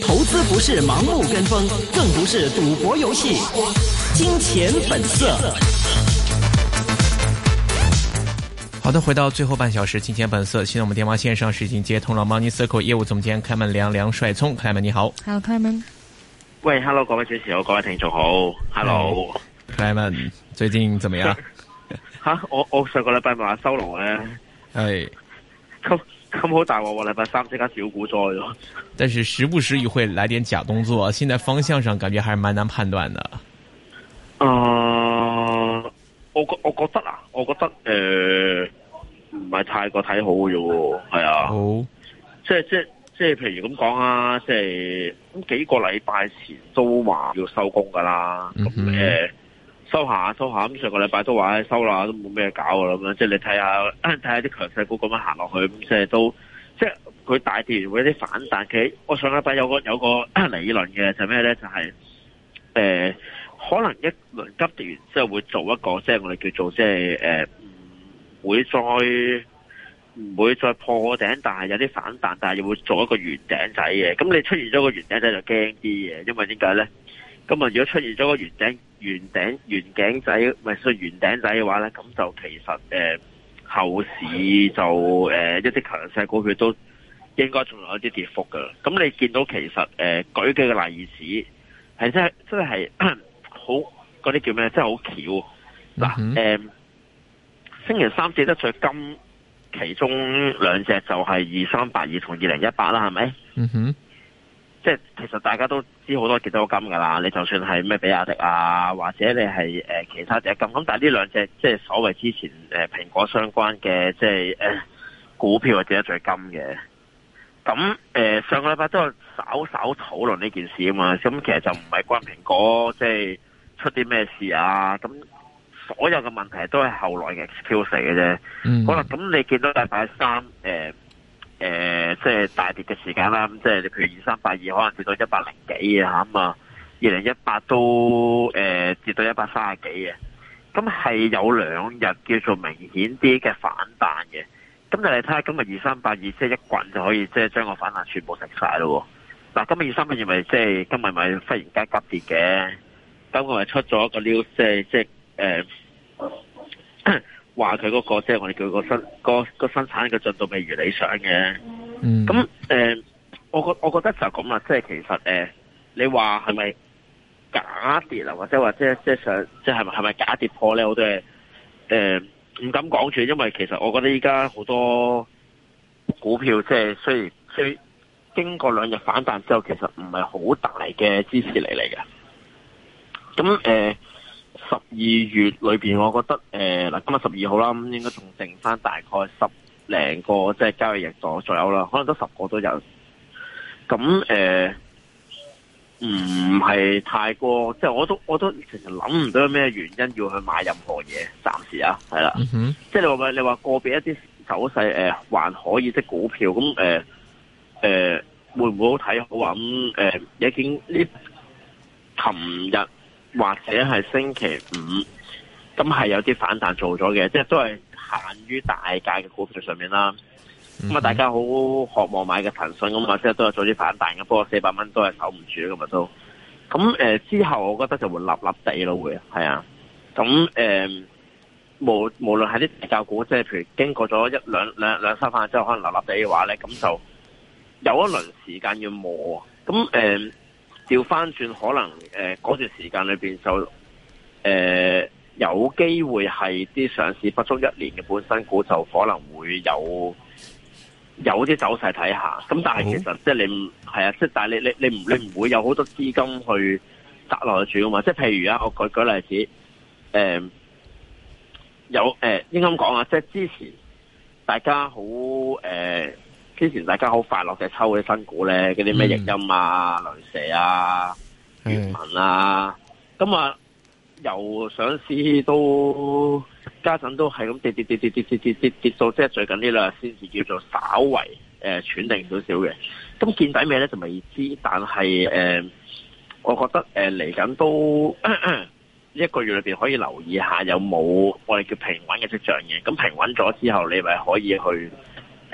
投資不是盲目跟風，iro, 更不是賭博遊戲。金錢本色。好的，回到最後半小時，金錢本色。現在我們電話線上是已經接通了 Money Circle 業務總監 Clement 梁梁帥聰，Clement 你好。Hello，e Clement。喂，Hello，各位主持人，各位聽眾好。Hello，e Clement，hey. trazer, 最近怎麼樣？ 我我上個禮拜咪話收羅咧。哎。Hey. 咁咁好大鑊，禮拜三即刻小股災咯。但是時不時亦會來點假動作，現在方向上感覺還是蠻難判斷的。誒, uh, 我我我覺得啊，我覺得誒，唔，呃，唔係太過睇好嘅喎，係啊。好。Oh。即係即係即係，譬如咁講啊，即係咁幾個禮拜前都話要收工噶啦。咁誒, mm-hmm. 收下收下，咁上個禮拜都話收啦，都冇咩搞啦咁樣。即係你睇下睇下啲強勢股咁樣行落去，即係都即係佢大跌完會有啲反彈嘅。我上個禮拜有個有個理論嘅就咩、是、呢？就係、是、誒、呃、可能一輪急跌完之後會做一個即係我哋叫做即係誒、呃、唔會再唔會再破頂，但係有啲反彈，但係又會做一個圓頂仔嘅。咁你出現咗個圓頂仔就驚啲嘅，因為點解呢？咁如果出現咗個圓頂、圓頂、圓頂仔，唔係算圓頂仔嘅話呢，咁就其實誒、呃、後市就誒、呃、一啲強勢股票都應該仲有啲跌幅㗎喇。咁你見到其實誒、呃、舉幾個例子，係真係真係好嗰啲叫咩？真係好巧嗱誒、呃嗯哼呃，星期三跌得最勁，其中兩隻就係二三八二同二零一八啦，係咪？嗯哼。即係其實大家都知好多幾多金㗎啦，你就算係咩比亞迪啊，或者你係、呃、其他隻金，咁但係呢兩隻即係所謂之前、呃、蘋果相關嘅即係、呃、股票或者最金嘅，咁、呃、上個禮拜都有稍稍討論呢件事啊嘛，咁其實就唔係關蘋果即係出啲咩事啊，咁所有嘅問題都係後來嘅 excuse 嚟嘅啫。好啦，咁你見到大拜三、呃誒、呃，即係大跌嘅時間啦，咁、嗯、即係你譬如二三八二，可能跌到一百零幾嘅吓啊，二零一八都誒、呃、跌到一百十幾一百三十幾嘅，咁、嗯、係有兩日叫做明顯啲嘅反彈嘅，咁、嗯、就你睇下，今日二三八二即係一滾就可以即係將個反彈全部食晒咯，嗱，今日二三八二咪即係今日咪忽然間急跌嘅，今日咪出咗一個 news，即、就、係、是、即係誒。呃話佢嗰個即係、就是、我哋叫個生個、那個生產嘅進度未如理想嘅，咁誒、嗯，我覺、呃、我覺得就咁啦，即、就、係、是、其實誒、呃，你話係咪假跌啊，或者或者即係想，即係係咪假跌破咧，我都係誒唔敢講住，因為其實我覺得依家好多股票即係雖然雖經過兩日反彈之後，其實唔係好大嘅支持嚟嚟嘅，咁誒。呃十二月裏邊，我覺得誒嗱、呃，今日十二號啦，咁應該仲剩翻大概十零個即係交易日左左右啦，可能都十個都有。咁誒，唔、呃、係太過，即、就、係、是、我都我都其實諗唔到有咩原因要去買任何嘢，暫時啊，係啦，即係、mm hmm. 你話你話個別一啲走勢誒、呃、還可以即股票，咁誒誒會唔會好睇好啊？咁、呃、誒，已經呢琴日。或者係星期五，咁係有啲反彈做咗嘅，即係都係限於大價嘅股票上面啦。咁啊，大家好渴望買嘅騰訊，咁啊，即係都有做啲反彈嘅，400不過四百蚊都係守唔住嘅嘛都。咁誒、呃、之後，我覺得就會立立地咯，會係啊。咁誒、呃，無無論係啲恥教股，即係譬如經過咗一兩兩兩,兩三番之後，可能立立地嘅話咧，咁就有一輪時間要磨。咁誒。呃調翻轉可能，誒、呃、嗰段時間裏邊就誒、呃、有機會係啲上市不足一年嘅本身股就可能會有有啲走勢睇下。咁但係其實即係你係啊，即係但係你你你唔你唔會有好多資金去紮落去住噶嘛？即係譬如啊，我舉舉例子，誒、呃、有誒應該咁講啊，即係之前大家好誒。呃之前大家好快樂嘅抽起新股咧，嗰啲咩逆音啊、雷蛇啊、元文啊，咁啊，由上市都家陣都係咁跌跌跌跌跌跌跌跌到，即係最近呢兩日先至叫做稍為誒喘定少少嘅。咁見底咩咧就未知，但係誒，我覺得誒嚟緊都一個月裏邊可以留意下有冇我哋叫平穩嘅跡象嘅。咁平穩咗之後，你咪可以去。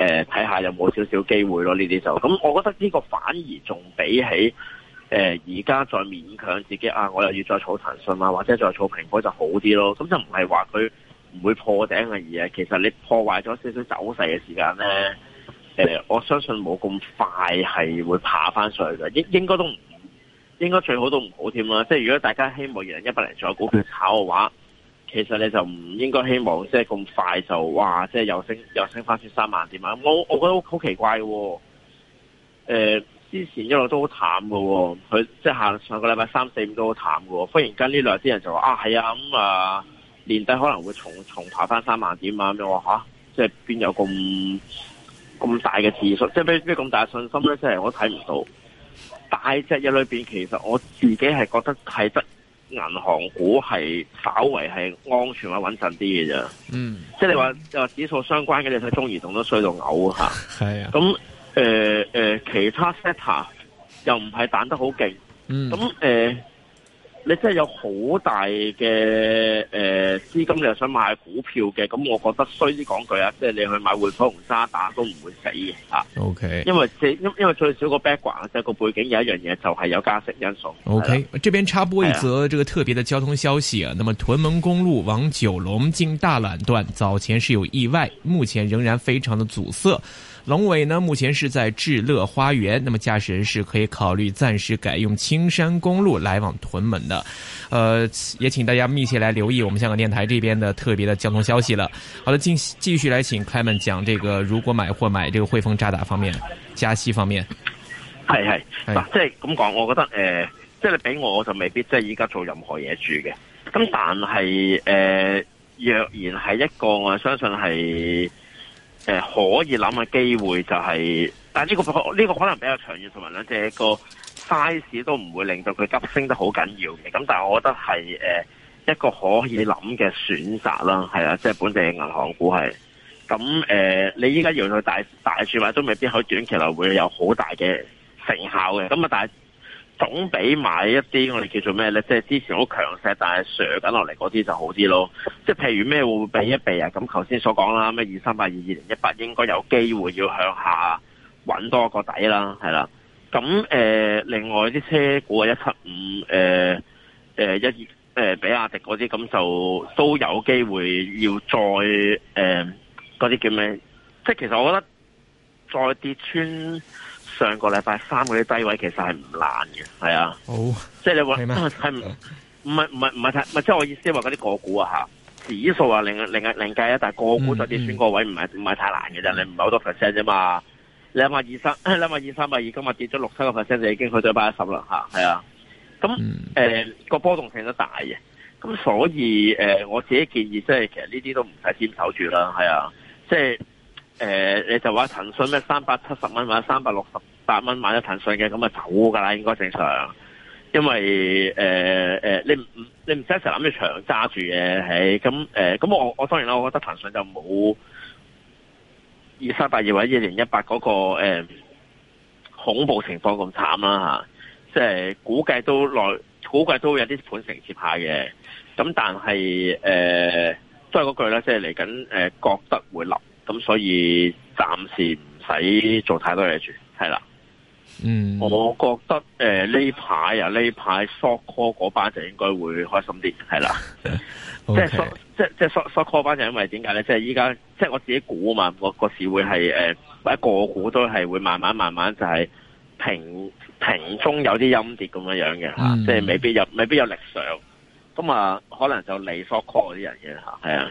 誒睇下有冇少少機會咯，呢啲就咁、嗯，我覺得呢個反而仲比起誒而家再勉強自己啊，我又要再儲騰訊啊，或者再儲蘋果就好啲咯。咁、嗯、就唔係話佢唔會破頂嘅嘢，而係其實你破壞咗少少走勢嘅時間呢、呃，我相信冇咁快係會爬翻上去嘅，應該都唔應該最好都唔好添啦。即係如果大家希望二零一八年再有股票炒嘅話，其實你就唔應該希望即係咁快就哇，即係又升又升翻穿三萬點啊！我我覺得好奇怪喎、哦。誒、呃，之前一路都好淡嘅喎、哦，佢即係下上個禮拜三四五都好淡嘅喎、哦。忽然間呢兩日啲人就話啊，係啊咁、嗯、啊，年底可能會重重爬翻三萬點啊！咁我話嚇，即係邊有咁咁大嘅指數？即係咩咩咁大嘅信心咧？即、就、係、是、我都睇唔到。大隻一裏邊，其實我自己係覺得係得。銀行股係稍微係安全或穩陣啲嘅啫，嗯，即係你話指數相關嘅，你睇中移動都衰到嘔嚇，係啊，咁、呃呃、其他 sector 又唔係彈得好勁，嗯，咁你真係有好大嘅誒資金，你又想買股票嘅咁，我覺得衰啲講，就是、句啊，即、就、係、是、你去買滙豐同渣打都唔會死嘅 O K，因為即因因為最少個 background 即係個背景有一樣嘢就係有加息因素。O Okay . K，了這邊插播一則這個特別的交通消息啊，了那麼屯門公路往九龍近大欖段早前是有意外，目前仍然非常的阻塞。龍尾呢？目前是在置樂花園，那麼駕駛人是可以考慮暫時改用青山公路來往屯門的。呃，也請大家密切來留意我們香港電台這邊的特別的交通消息了。好的，繼繼續來請 Clayman 講這個如果買貨買這個匯豐渣打方面加息方面，係係嗱，是即係咁講，我覺得誒、呃，即係你俾我，我就未必即係依家做任何嘢住嘅。咁但係誒、呃，若然係一個，我相信係。誒、呃、可以諗嘅機會就係、是，但係、這、呢個呢、這個可能比較長遠，同埋兩隻個 size 都唔會令到佢急升得好緊要嘅。咁但係我覺得係誒、呃、一個可以諗嘅選擇啦，係啊，即、就、係、是、本地銀行股係。咁誒、呃，你依家要去大大處買都未必可以短期內會有好大嘅成效嘅。咁啊，但係。總比買一啲我哋叫做咩呢？即係之前好強勢，但係瀉緊落嚟嗰啲就好啲咯。即係譬如咩會比一比啊？咁頭先所講啦，咩二三八、二二零一八應該有機會要向下揾多個底啦，係啦。咁誒、呃，另外啲車股啊、呃，一七五誒誒一誒，比亞迪嗰啲咁就都有機會要再誒嗰啲叫咩？即係其實我覺得再跌穿。上個禮拜三嗰啲低位其實係唔難嘅，係啊，好、oh，即係你話係唔唔係唔係唔係太，咪即係我意思話嗰啲個股啊嚇，指數啊另另零另計一。但係個股就跌穿個位唔係唔係太難嘅啫，mm hmm，你唔係好多 percent 啫嘛，你諗下兩萬二三兩萬二三百二，今日跌咗六七個 percent 就已經去咗一百一十啦吓，係啊，咁誒個波動性都大嘅，咁所以誒、呃、我自己建議即係其實呢啲都唔使堅守住啦，係啊，即係。誒、呃，你就話騰訊咩三百七十蚊，或者三百六十八蚊買咗騰訊嘅，咁啊走噶啦，應該正常。因為誒誒、呃呃，你唔你唔使成日諗住長揸住嘅，係咁誒。咁、嗯呃、我我當然啦，我覺得騰訊就冇二三八二或者二零一八嗰個誒、呃、恐怖情況咁慘啦吓。即、啊、係、就是、估計都內，估計都有啲盤承下、呃就是、接下嘅。咁但係誒，都係嗰句啦，即係嚟緊誒，覺得會落。咁、嗯、所以暫時唔使做太多嘢住，係啦。嗯，我覺得誒呢排啊呢排 short call 嗰班就應該會開心啲，係啦。即係 short 即即 short、so, so, so, short call 班就因為點解咧？即係依家即係我自己估啊嘛，個個市會係誒或者個股都係會慢慢慢慢就係平平中有啲陰跌咁樣樣嘅嚇，嗯、即係未必有未必有力上。咁啊，可能就你 short call 嗰啲人嘅嚇，係啊。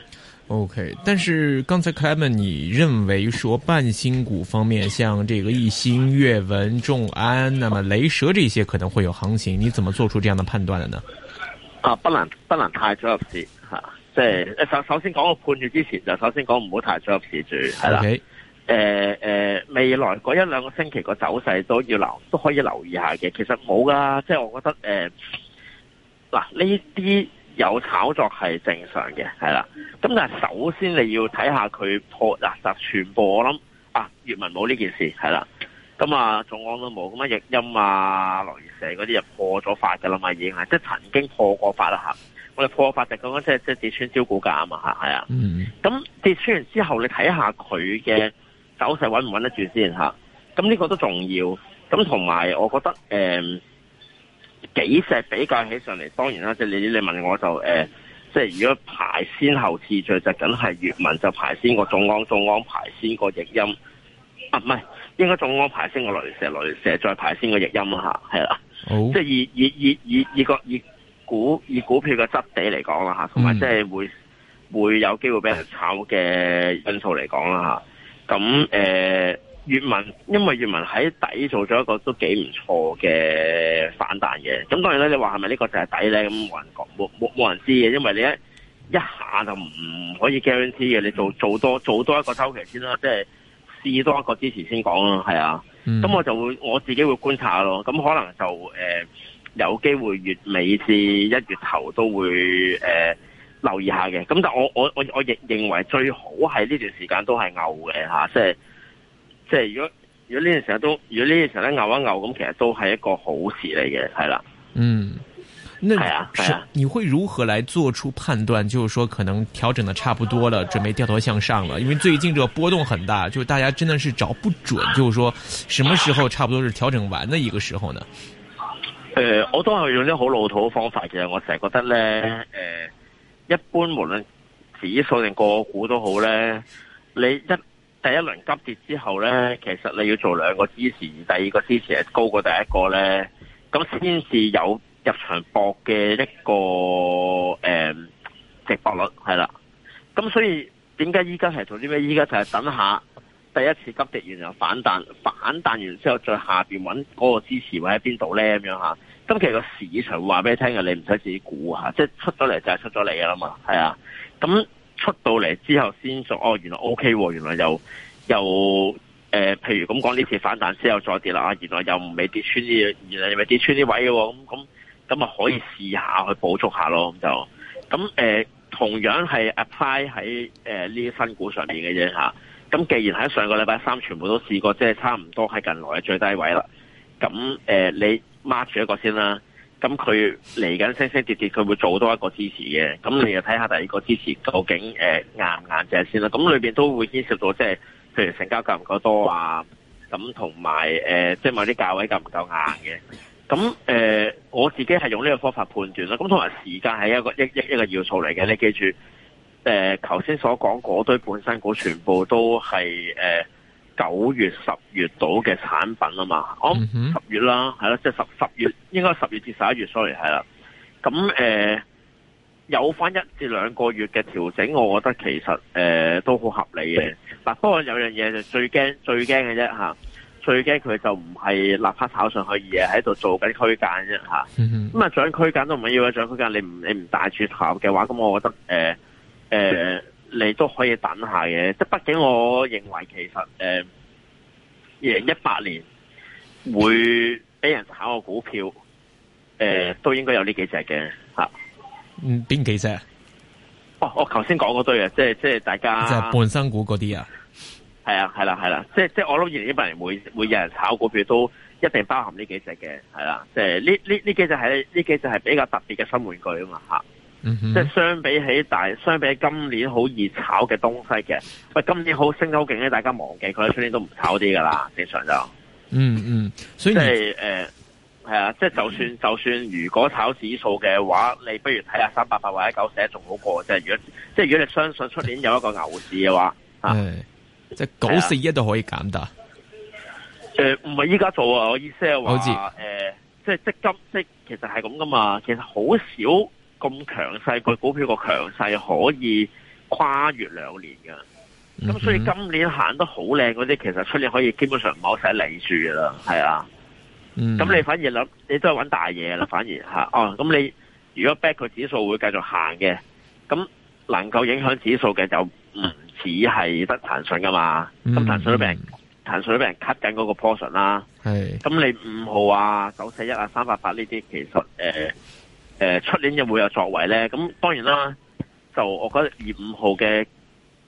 O、okay, K，但是剛才 Clement 你認為說半新股方面，像這個易鑫、閱文、眾安，那麼雷蛇這些可能會有行情，你怎麼做出這樣的判斷的呢？啊，不能不能太早入市吓，即係首首先講個判斷之前就首先講唔好太早入市住係 Okay. 啦。誒、呃、誒、呃，未來嗰一兩個星期個走勢都要留，都可以留意一下嘅。其實冇㗎、啊，即、就、係、是、我覺得誒，嗱呢啲。有炒作係正常嘅，係啦。咁但係首先你要睇下佢破啊，就全部我諗啊，粵文冇呢件事係啦。咁、嗯、啊，仲案都冇咁啊，逆音啊，樂易瑩嗰啲又破咗法噶啦嘛，已經係即係曾經破過法啦嚇。我哋破法就講緊即係即係跌穿招股價啊嘛嚇，係啊。咁、嗯、跌穿完之後，你睇下佢嘅走勢穩唔穩得住先嚇。咁、嗯、呢、這個都重要。咁同埋我覺得誒。嗯幾隻比較起上嚟，當然啦，即係你你問我就誒、呃，即係如果排先後次序就梗係粵文就排先個眾安，眾安排先個易鑫，啊唔係，應該眾安排先個雷蛇，雷蛇再排先個易鑫吓，係啦，oh. 即係以以以以以個以，以股以股票嘅質地嚟講啦吓，同埋即係會會有機會俾人炒嘅因素嚟講啦吓，咁誒。呃粵文，因為粵文喺底做咗一個都幾唔錯嘅反彈嘅，咁當然咧，你話係咪呢個就係底咧？咁冇人講，冇冇冇人知嘅，因為你一一下就唔可以 guarantee 嘅，你做做多做多一個周期先啦，即係試多一個之前先講咯，係啊。咁、嗯、我就會我自己會觀察咯，咁可能就誒、呃、有機會月尾至一月頭都會誒、呃、留意一下嘅，咁但我我我我認認為最好係呢段時間都係牛嘅嚇，即係。即係如果如果呢啲時候都，如果呢啲時候咧拗一拗咁，其實都係一個好事嚟嘅，係啦。嗯，係啊，係啊。你會如何來做出判斷？就是說可能調整得差不多了，準備掉頭向上了。因為最近這個波動很大，就大家真的是找不準，就是說什麼時候差不多是調整完的一個時候呢？誒、呃，我都係用啲好老土嘅方法其實嘅，我成日覺得咧，誒、呃，一般無論指數定個股都好咧，你一。第一輪急跌之後呢，其實你要做兩個支持，第二個支持係高過第一個呢，咁先至有入場博嘅一個誒、嗯，值博率係啦。咁所以點解依家係做啲咩？依家就係等下第一次急跌完又反彈，反彈完之後再下邊揾嗰個支持位喺邊度呢？咁樣吓。咁其實個市場會話俾你聽嘅，你唔使自己估吓，即係出咗嚟就係出咗嚟噶啦嘛，係啊，咁。出到嚟之後先做哦，原來 OK 喎，原來又又誒、呃，譬如咁講呢次反彈之後再跌啦啊，原來又唔未跌穿啲，原來未跌穿啲位嘅喎，咁咁咁咪可以試下去補足下咯，咁就咁誒、呃，同樣係 apply 喺呢啲、呃、新股上面嘅啫嚇。咁既然喺上個禮拜三全部都試過，即係差唔多喺近來嘅最低位啦。咁誒、呃，你 mark 住一個先啦。咁佢嚟緊升升跌跌，佢會做多一個支持嘅。咁你又睇下第二個支持究竟誒、呃、硬唔硬淨先啦、啊。咁裏邊都會牽涉到即係，譬如成交夠唔夠多啊，咁同埋誒即係某啲價位夠唔夠硬嘅。咁誒、呃、我自己係用呢個方法判斷啦。咁同埋時間係一個一一一,一個要素嚟嘅。你記住誒，頭、呃、先所講嗰堆本身股全部都係誒。呃九月、十月到嘅產品啊嘛，我、oh, 十、mm hmm. 月啦，係啦，即係十十月，應該十月至十一月，sorry，係啦。咁誒、呃、有翻一至兩個月嘅調整，我覺得其實誒、呃、都好合理嘅。嗱、mm hmm. 啊，不過有樣嘢就最驚最驚嘅啫嚇，最驚佢、啊、就唔係立刻炒上去，而係喺度做緊區間啫嚇。咁啊，漲、mm hmm. 區間都唔緊要嘅，漲區間你唔你唔帶住頭嘅話，咁我覺得誒誒。呃呃 mm hmm. 你都可以等下嘅，即係畢竟我認為其實誒，二零一八年會俾人炒個股票，誒、呃嗯、都應該有呢幾隻嘅吓。嗯、啊，邊幾隻？哦，我頭先講嗰堆啊，即係即係大家，即係半新股嗰啲啊。係啊，係啦，係啦，即係即係我諗二零一八年會會有人炒股票，都一定包含呢幾隻嘅，係啦、啊，即係呢呢呢幾隻係呢幾隻係比較特別嘅新玩具啊嘛吓。嗯嗯即係相比起大，相比起今年好易炒嘅東西嘅，喂，今年好升得好勁咧，大家忘記佢喇，出年都唔炒啲噶啦，正常就嗯嗯，所以即係誒係啊，即係就算就算如果炒指數嘅話，你不如睇下三百八或者九四一仲好過，即係如果即係如果你相信出年有一個牛市嘅話，誒、嗯，啊、即係九四一都可以減得誒，唔係依家做啊，我意思係話誒，即係即金即，即，即，即其實係咁噶嘛，其實好少。咁強勢個股票個強勢可以跨越兩年嘅。咁、mm hmm. 所以今年行得好靚嗰啲，其實出年可以基本上唔好使理住噶啦，係啊，咁、mm hmm. 你反而諗，你都係揾大嘢啦，反而嚇，哦、啊，咁、啊、你如果 back 個、er、指數會繼續行嘅，咁能夠影響指數嘅就唔止係得騰訊噶嘛，咁騰訊都俾人騰訊都俾人 cut 緊嗰個 portion 啦，咁、mm hmm. 你五號啊、九四一啊、三八八呢啲其實、呃誒，出年有冇有作為咧？咁當然啦，就我覺得二五號嘅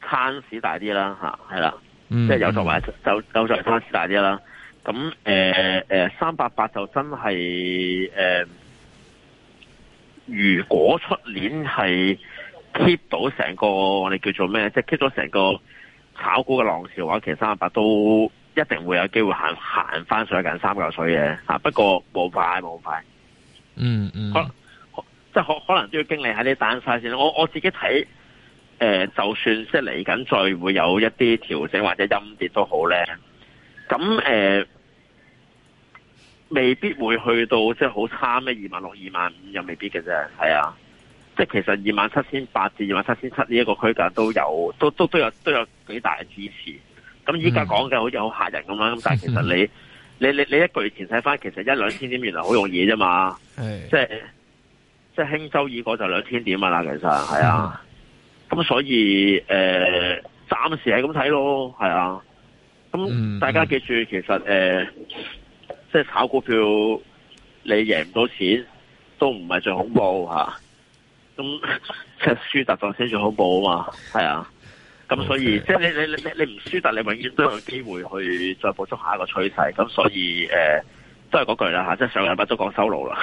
餐市大啲啦，吓係啦，即係有作為，嗯、就就作為餐市大啲啦。咁誒誒，三八八就真係誒、呃，如果出年係 keep 到成個我哋叫做咩，即係 keep 到成個炒股嘅浪潮嘅話，其實三八八都一定會有機會行行翻上緊三嚿水嘅吓。不過冇快冇快，嗯嗯，嗯，好。即係可可能都要經歷下啲單晒先。我我自己睇，誒、呃，就算即係嚟緊再會有一啲調整或者陰跌都好咧。咁誒、呃，未必會去到即係好差咩？二萬六、二萬五又未必嘅啫。係啊，即係其實二萬七千八至二萬七千七呢一個區間都有，都都都有都有幾大嘅支持。咁依家講嘅好似好吓人咁樣，咁、嗯、但係其實你、嗯、你你你一個月前睇翻，其實一兩千點原來好容易啫嘛。係是的，即係。即係輕舟已過就兩千點啊啦，其實係啊，咁所以誒、呃、暫時係咁睇咯，係啊，咁大家記住，其實誒、呃、即係炒股票你贏唔到錢都唔係最恐怖嚇，咁即係輸突檔先最恐怖啊嘛，係啊，咁所以 Okay. 即係你你你你你唔輸突，你永遠都有機會去再補充下一個趨勢，咁所以誒、呃、都係嗰句啦嚇，即係上個禮拜都講收路啦，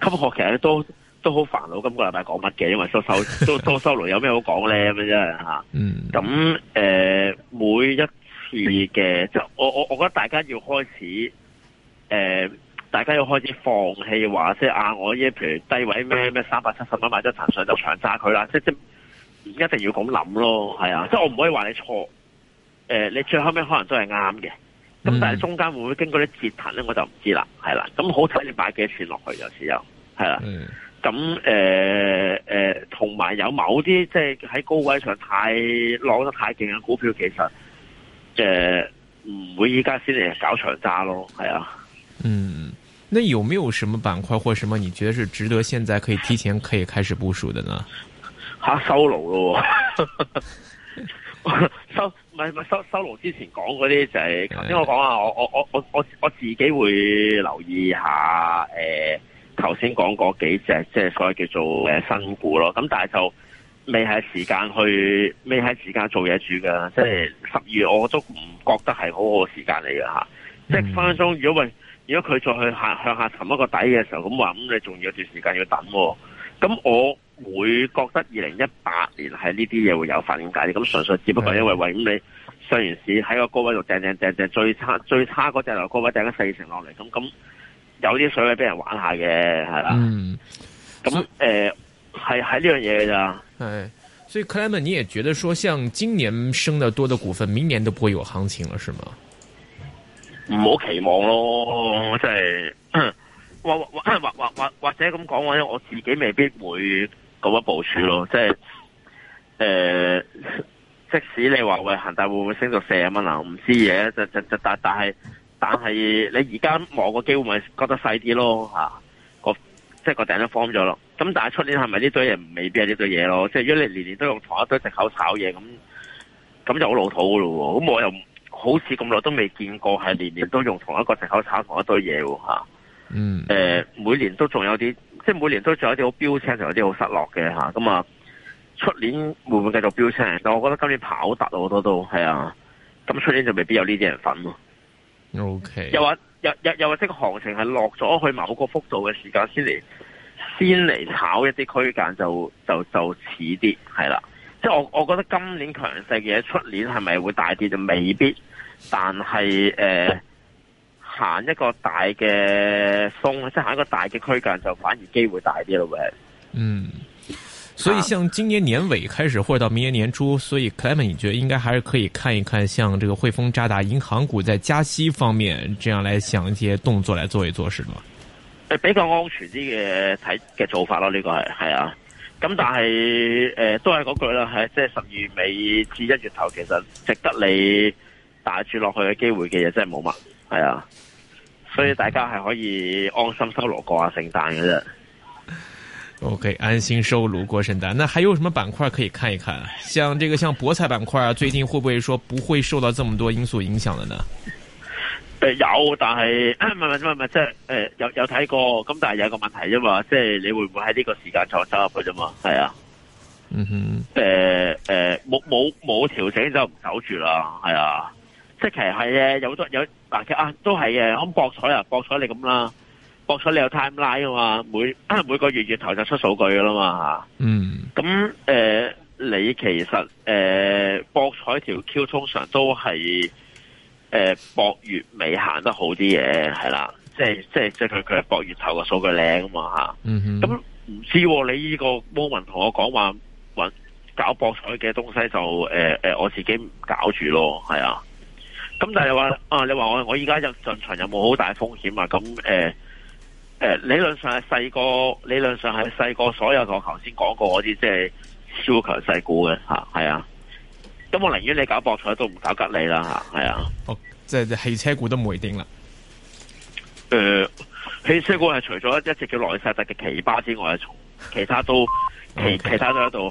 今學其實都。都好煩惱，今個禮拜講乜嘅？因為都收都都收多收落，有咩好講咧咁樣真係吓。咁、呃、誒，每一次嘅，就我我我覺得大家要開始誒、呃，大家要開始放棄話，即、就、係、是、啊！我依家譬如低位咩咩三百七十蚊買咗騰訊就長揸佢啦。即、就、即、是、一定要咁諗咯，係啊！即、就、係、是、我唔可以話你錯。誒、呃，你最後尾可能都係啱嘅，咁但係中間會唔會經過啲折騰咧，我就唔知啦。係啦、啊，咁好睇你買幾多錢落去有時又係啦。 咁誒誒，同埋、呃呃、有，有某啲即係喺高位上太攞得太勁嘅股票，其實誒唔、呃、會依家先嚟搞長揸咯，係啊。嗯，那有沒有什麼板塊或什麼你覺得是值得現在可以提前可以開始部署的呢？吓收爐咯，收唔係唔係收，收爐之前講嗰啲就係頭先我講下，我我我我我我自己會留意下誒。呃頭先講嗰幾隻，即係所謂叫做新股咯。咁但係就未係時間去，未係時間做嘢住㗎。即係十二月，我都唔覺得係好好嘅時間嚟㗎。即係分分鐘，如果喂，如果佢再去向向下沉一個底嘅時候，咁話咁你仲要有段時間要等。咁我會覺得二零一八年係呢啲嘢會有反解咁純粹只不過因為喂，咁你上完市喺個高位度掟掟掟掟，最差最差嗰隻由高位掟咗四成落嚟，咁咁。有啲水位俾人玩下嘅，係啦。咁誒、嗯，係喺呢樣嘢咋？係以、呃，所以克萊文你也覺得說，像今年升得多的股份，明年都不會有行情了，是嗎？唔好期望咯，即係或或或或或或者咁講，或者這因為我自己未必會咁樣部署咯。即係誒、呃，即使你話喂恒大，會唔會升到四十蚊啊？唔知嘢，就就就但但係。但係你而家望個機會咪覺得細啲咯吓，個即係個頂都 form 咗咯。咁、啊、但係出年係咪呢堆嘢？未必係呢堆嘢咯。即係如果你年年都用同一堆藉口炒嘢，咁咁就好老土噶咯。咁我又好似咁耐都未見過係年年都用同一個藉口炒同一堆嘢吓。誒、啊、嗯，每年都仲有啲，即係每年都仲有啲好標青，仲有啲好失落嘅吓。咁啊，出年會唔會繼續標青？但我覺得今年跑突好多都係啊。咁出年就未必有呢啲人份咯。O K，又話又又又話，即係個行情係落咗去某個幅度嘅時間先嚟，先嚟炒一啲區間就就就似啲係啦。即係我我覺得今年強勢嘅嘢，出年係咪會大跌，就未必，但係誒、呃，行一個大嘅鬆，即係行一個大嘅區間就反而機會大啲咯。嗯。所以，像今年年尾開始，或者到明年年初，所以 Clayman，你覺得應該還是可以看一看，像這個匯豐、渣打銀行股，在加息方面，這樣來想一些動作來做一做嗎，是嘛？誒，比較安全啲嘅睇嘅做法咯，呢個係係啊。咁但係誒、呃，都係嗰句啦，喺即係十二尾至一月頭，其實值得你打住落去嘅機會嘅嘢真係冇乜，係、就是、啊。所以大家係可以安心收爐過下聖誕嘅啫。O、okay, K，安心收爐過聖誕。那還有什麼板塊可以看一看？像這個，像博彩板塊啊，最近會不會說不會受到這麼多因素影響的呢？誒、呃，有，但係唔唔唔唔即係誒，有有睇過，咁但係有個問題啫嘛，即係你會唔會喺呢個時間坐收入去啫嘛？係啊，嗯哼，誒誒、呃，冇冇冇調整就唔守住啦，係啊，即係其實係嘅，有多有，但係啊都係嘅，咁博彩啊，博彩你咁啦。博彩你有 timeline 啊嘛？每每個月月頭就出數據噶啦嘛嚇。嗯、mm。咁、hmm. 誒、呃，你其實誒、呃、博彩條 Q 通常都係誒、呃、博月尾行得好啲嘅，係啦。即係即係即係佢佢係博月頭嘅數據靚、mm hmm. 啊嘛嗯，咁唔知你依個 moment 同我講話搞博彩嘅東西就誒、呃呃、我自己唔搞住咯，係啊。咁但係你話啊，你話我我而家入進場有冇好大風險啊？咁誒，理論上係細個，理論上係細個所有我頭先講過嗰啲即係超強細股嘅吓，係啊。咁我寧願你搞博彩都唔搞吉利啦吓，係啊。哦，即係汽車股都唔會定啦。誒、呃，汽車股係除咗一隻叫萊薩特嘅奇葩之外，其他都其 其他都喺度。